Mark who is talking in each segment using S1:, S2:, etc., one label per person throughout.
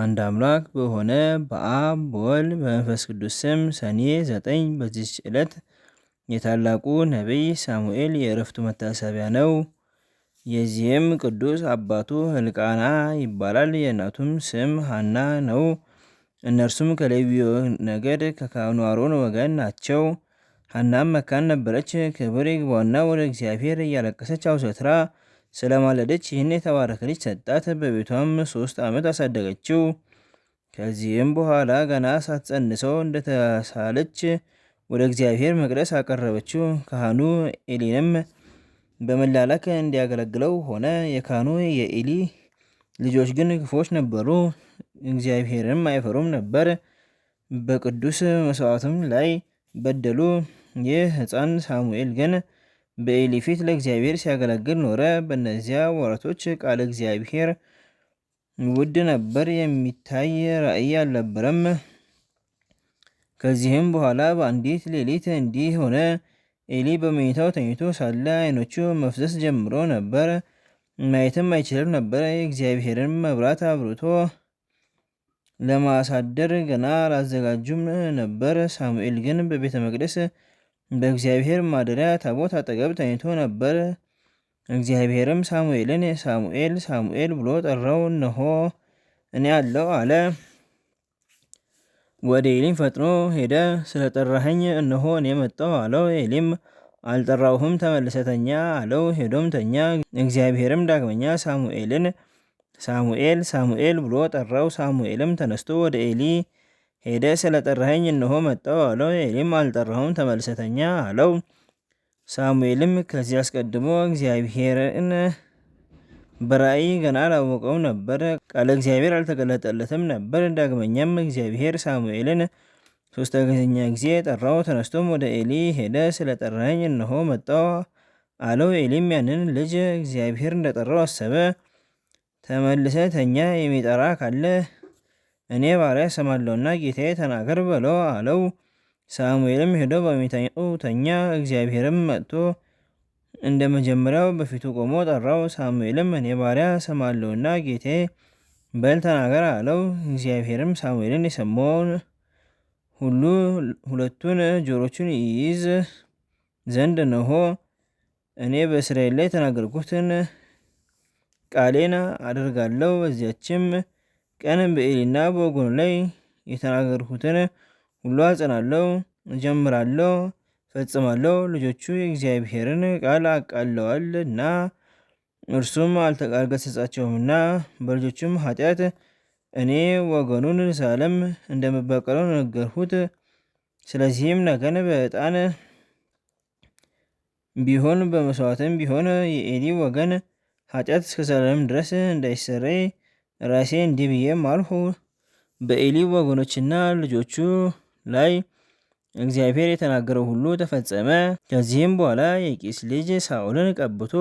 S1: አንድ አምላክ በሆነ በአብ በወልድ በመንፈስ ቅዱስ ስም ሰኔ ዘጠኝ በዚች ዕለት የታላቁ ነቢይ ሳሙኤል የእረፍቱ መታሰቢያ ነው። የዚህም ቅዱስ አባቱ ሕልቃና ይባላል። የእናቱም ስም ሐና ነው። እነርሱም ከሌዊ ነገድ ከካህኑ አሮን ወገን ናቸው። ሐናም መካን ነበረች። ክብር ይግባውና ወደ እግዚአብሔር እያለቀሰች አውሰትራ ስለማለደች ይህን የተባረከ ልጅ ሰጣት። በቤቷም ሶስት ዓመት አሳደገችው። ከዚህም በኋላ ገና ሳትጸንሰው እንደተሳለች ወደ እግዚአብሔር መቅደስ አቀረበችው። ካህኑ ኤሊንም በመላላክ እንዲያገለግለው ሆነ። የካህኑ የኤሊ ልጆች ግን ክፎች ነበሩ፣ እግዚአብሔርንም አይፈሩም ነበር። በቅዱስ መስዋዕቱም ላይ በደሉ። ይህ ሕፃን ሳሙኤል ግን በኤሊ ፊት ለእግዚአብሔር ሲያገለግል ኖረ። በእነዚያ ወራቶች ቃለ እግዚአብሔር ውድ ነበር፣ የሚታይ ራእይ አልነበረም። ከዚህም በኋላ በአንዲት ሌሊት እንዲህ ሆነ። ኤሊ በመኝታው ተኝቶ ሳለ ዓይኖቹ መፍዘስ ጀምሮ ነበር፣ ማየትም አይችልም ነበር። የእግዚአብሔርን መብራት አብርቶ ለማሳደር ገና አላዘጋጁም ነበር። ሳሙኤል ግን በቤተ መቅደስ በእግዚአብሔር ማደሪያ ታቦት አጠገብ ተኝቶ ነበር። እግዚአብሔርም ሳሙኤልን ሳሙኤል ሳሙኤል ብሎ ጠራው። እነሆ እኔ አለው አለ። ወደ ኤሊም ፈጥኖ ሄደ። ስለጠራኸኝ እነሆ እኔ መጣሁ አለው። ኤሊም አልጠራውህም፣ ተመልሰተኛ አለው። ሄዶም ተኛ። እግዚአብሔርም ዳግመኛ ሳሙኤልን ሳሙኤል ሳሙኤል ብሎ ጠራው። ሳሙኤልም ተነስቶ ወደ ኤሊ ሄደ ጠራኸኝ እንሆ መጣው አለው። ኤሊም አልጠራሁም ተመልሰተኛ አለው። ሳሙኤልም ከዚህ አስቀድሞ እግዚአብሔርን በራእይ ገና አላወቀው ነበር፣ ቃለ እግዚአብሔር አልተገለጠለትም ነበር። ዳግመኛም እግዚአብሔር ሳሙኤልን ሶስተኛ ጊዜ ጠራው። ተነስቶም ወደ ኤሊ ሄደ። ስለጠራኸኝ እንሆ መጣው አለው። ኤሊም ያንን ልጅ እግዚአብሔር እንደጠራው አሰበ። ተመልሰ ተኛ፣ የሚጠራ ካለ እኔ ባሪያ ሰማለውና ጌታዬ ተናገር በለው አለው። ሳሙኤልም ሄዶ በሚተኛው ተኛ። እግዚአብሔርም መጥቶ እንደ መጀመሪያው በፊቱ ቆሞ ጠራው። ሳሙኤልም እኔ ባሪያ ሰማለውና ጌቴ በል ተናገር አለው። እግዚአብሔርም ሳሙኤልን የሰማውን ሁሉ ሁለቱን ጆሮቹን ይይዝ ዘንድ ነሆ እኔ በእስራኤል ላይ የተናገርኩትን ቃሌን አደርጋለሁ በዚያችም ቀንም በኤሊና በወገኑ ላይ የተናገርኩትን ሁሉ አጸናለሁ፣ እጀምራለሁ፣ ፈጽማለሁ። ልጆቹ የእግዚአብሔርን ቃል አቃለዋል እና እርሱም አልተገሠጻቸውምና በልጆቹም ኃጢአት እኔ ወገኑን ሳለም እንደምበቀለው ነገርሁት። ስለዚህም ነገን በዕጣን ቢሆን በመስዋዕትም ቢሆን የኤሊ ወገን ኃጢአት እስከ ዘላለም ድረስ እንዳይሰረይ ራሴን እንዲህ ብዬም አልሁ። በዔሊ ወገኖችና ልጆቹ ላይ እግዚአብሔር የተናገረው ሁሉ ተፈጸመ። ከዚህም በኋላ የቂስ ልጅ ሳኦልን ቀብቶ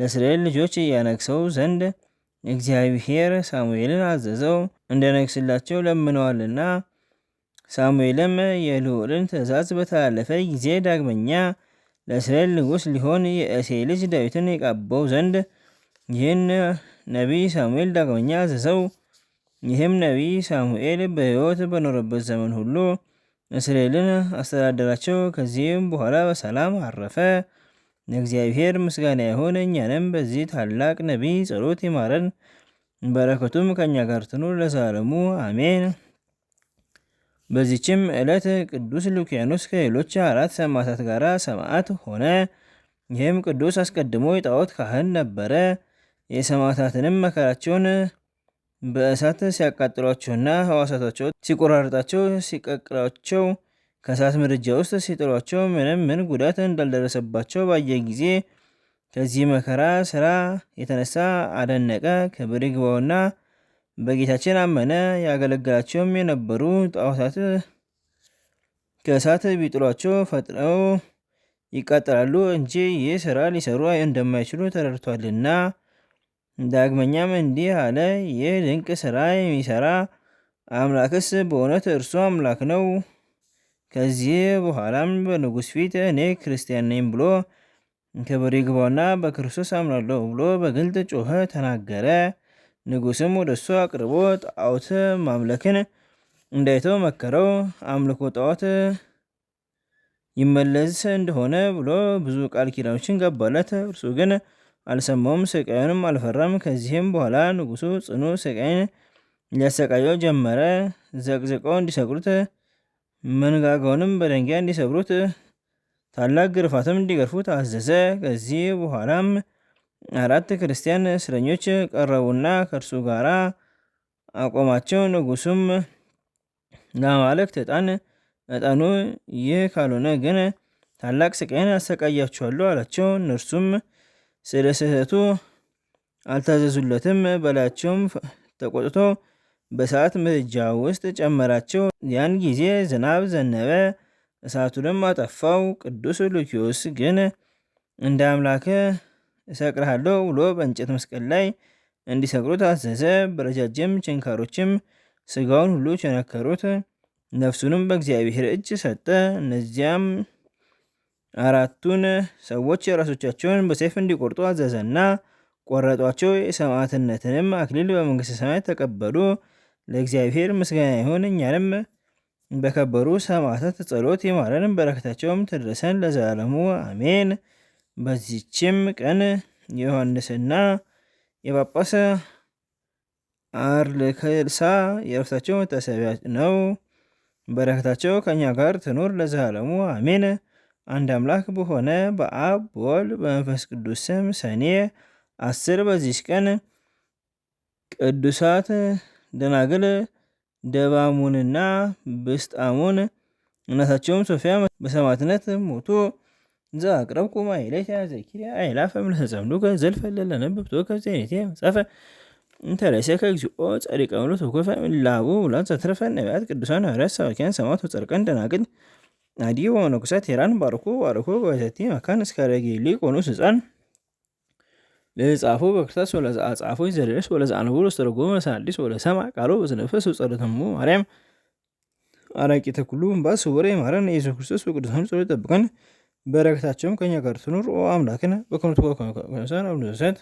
S1: ለእስራኤል ልጆች እያነግሰው ዘንድ እግዚአብሔር ሳሙኤልን አዘዘው፣ እንደነግስላቸው ለምነዋልና። ሳሙኤልም የልዑልን ትእዛዝ በተላለፈ ጊዜ ዳግመኛ ለእስራኤል ንጉሥ ሊሆን የእሴ ልጅ ዳዊትን የቀባው ዘንድ ይህን ነቢይ ሳሙኤል ዳግመኛ አዘዘው። ይህም ነቢይ ሳሙኤል በሕይወት በኖረበት ዘመን ሁሉ እስራኤልን አስተዳደራቸው። ከዚህም በኋላ በሰላም አረፈ። ለእግዚአብሔር ምስጋና ይሁን፣ እኛንም በዚህ ታላቅ ነቢይ ጸሎት ይማረን፣ በረከቱም ከእኛ ጋር ትኑር ለዘላለሙ አሜን። በዚችም ዕለት ቅዱስ ሉኪያኖስ ከሌሎች አራት ሰማዕታት ጋር ሰማዕት ሆነ። ይህም ቅዱስ አስቀድሞ የጣዖት ካህን ነበረ። የሰማዕታትንም መከራቸውን በእሳት ሲያቃጥሏቸውና ሕዋሳታቸው ሲቆራርጣቸው ሲቀቅላቸው ከእሳት ምድጃ ውስጥ ሲጥሏቸው ምንም ምን ጉዳት እንዳልደረሰባቸው ባየ ጊዜ ከዚህ መከራ ስራ የተነሳ አደነቀ፣ ክብር ይግባውና በጌታችን አመነ። ያገለግላቸውም የነበሩ ጣዖታት ከእሳት ቢጥሏቸው ፈጥነው ይቃጠላሉ እንጂ ይህ ስራ ሊሰሩ እንደማይችሉ ተረድቷልና ዳግመኛም እንዲህ አለ፣ ይህ ድንቅ ስራ የሚሰራ አምላክስ በእውነት እርሱ አምላክ ነው። ከዚህ በኋላም በንጉሥ ፊት እኔ ክርስቲያን ነኝ ብሎ ክብር ይግባውና በክርስቶስ አምናለሁ ብሎ በግልጥ ጮኸ፣ ተናገረ። ንጉሥም ወደ እሱ አቅርቦ ጣዖት ማምለክን እንዳይተው መከረው። አምልኮ ጣዖት ይመለስ እንደሆነ ብሎ ብዙ ቃል ኪዳኖችን ገባለት። እርሱ ግን አልሰማውም፣ ስቃዩንም አልፈራም። ከዚህም በኋላ ንጉሱ ጽኑ ስቃይን ሊያሰቃየው ጀመረ። ዘቅዝቀው እንዲሰቅሉት፣ መንጋጋውንም በደንጊያ እንዲሰብሩት፣ ታላቅ ግርፋትም እንዲገርፉት አዘዘ። ከዚህ በኋላም አራት ክርስቲያን እስረኞች ቀረቡና ከእርሱ ጋር አቆማቸው። ንጉሱም ለአማልክት ዕጣን ዕጣኑ ይህ ካልሆነ ግን ታላቅ ስቃይን አሰቃያችኋለሁ አላቸው። እነርሱም ስለ ስህተቱ አልታዘዙለትም በላቸውም። ተቆጥቶ በእሳት ምድጃ ውስጥ ጨመራቸው። ያን ጊዜ ዝናብ ዘነበ፣ እሳቱንም አጠፋው። ቅዱስ ሉኪዮስ ግን እንደ አምላክ እሰቅልሃለሁ ብሎ በእንጨት መስቀል ላይ እንዲሰቅሉት አዘዘ። በረጃጅም ችንካሮችም ስጋውን ሁሉ ቸነከሩት፣ ነፍሱንም በእግዚአብሔር እጅ ሰጠ። እነዚያም አራቱን ሰዎች ራሶቻቸውን በሰይፍ እንዲቆርጡ አዘዘና ቆረጧቸው። የሰማዕትነትንም አክሊል በመንግስተ ሰማያት ተቀበሉ። ለእግዚአብሔር ምስጋና ይሁን። እኛንም በከበሩ ሰማዕታት ጸሎት ይማረን፣ በረከታቸውም ትድረሰን ለዘላለሙ አሜን። በዚችም ቀን የዮሐንስና የጳጳስ አርልክሳ የዕረፍታቸው መታሰቢያ ነው። በረከታቸው ከእኛ ጋር ትኑር ለዘላለሙ አሜን። አንድ አምላክ በሆነ በአብ በወልድ በመንፈስ ቅዱስ ስም ሰኔ አስር በዚች ቀን ቅዱሳት ደናግል ደባሙንና ብስጣሙን እናታቸውም ሶፊያ በሰማዕትነት ሞቱ። ዘአቅረብኩ ማኅሌተ ዘኪርየ አእላፈ እምለተጸምዱከ ዘልፈ ነብብቶ ከዘኔት መጻፈ እንተለሰ ከግዚኦ ጸሪቀ ምሎ ተኮፈ ላቡ ውላድ ዘተረፈ ነቢያት ቅዱሳን ሐዋርያት ሰባክያን ሰማዕታት ወጻድቃን ደናግል Adii መነኮሳት ቴራን ባርኮ ባርኮ በእቴጌ መካን እስከ ጌሌ ቆኖስ ሕፃን ለጻፎ በክርታስ ወለአጻፎ ይዘደርስ ወለዘአንብቦ ወለስተርጎሙ ወለሰናድስ ወለሰማ ቃሎ በዝነፈስ ወጸሎተሙ ማርያም አራቂተ ኩሉ እምባስ ወሬ ማረን ኢየሱስ ክርስቶስ በቅዱሳኑ ጸሎት ይጠብቀን። በረከታቸውም ከኛ ጋር ትኑር። ኦ አምላክነ በኩነቱ ኮነ አቡነ ዘሰት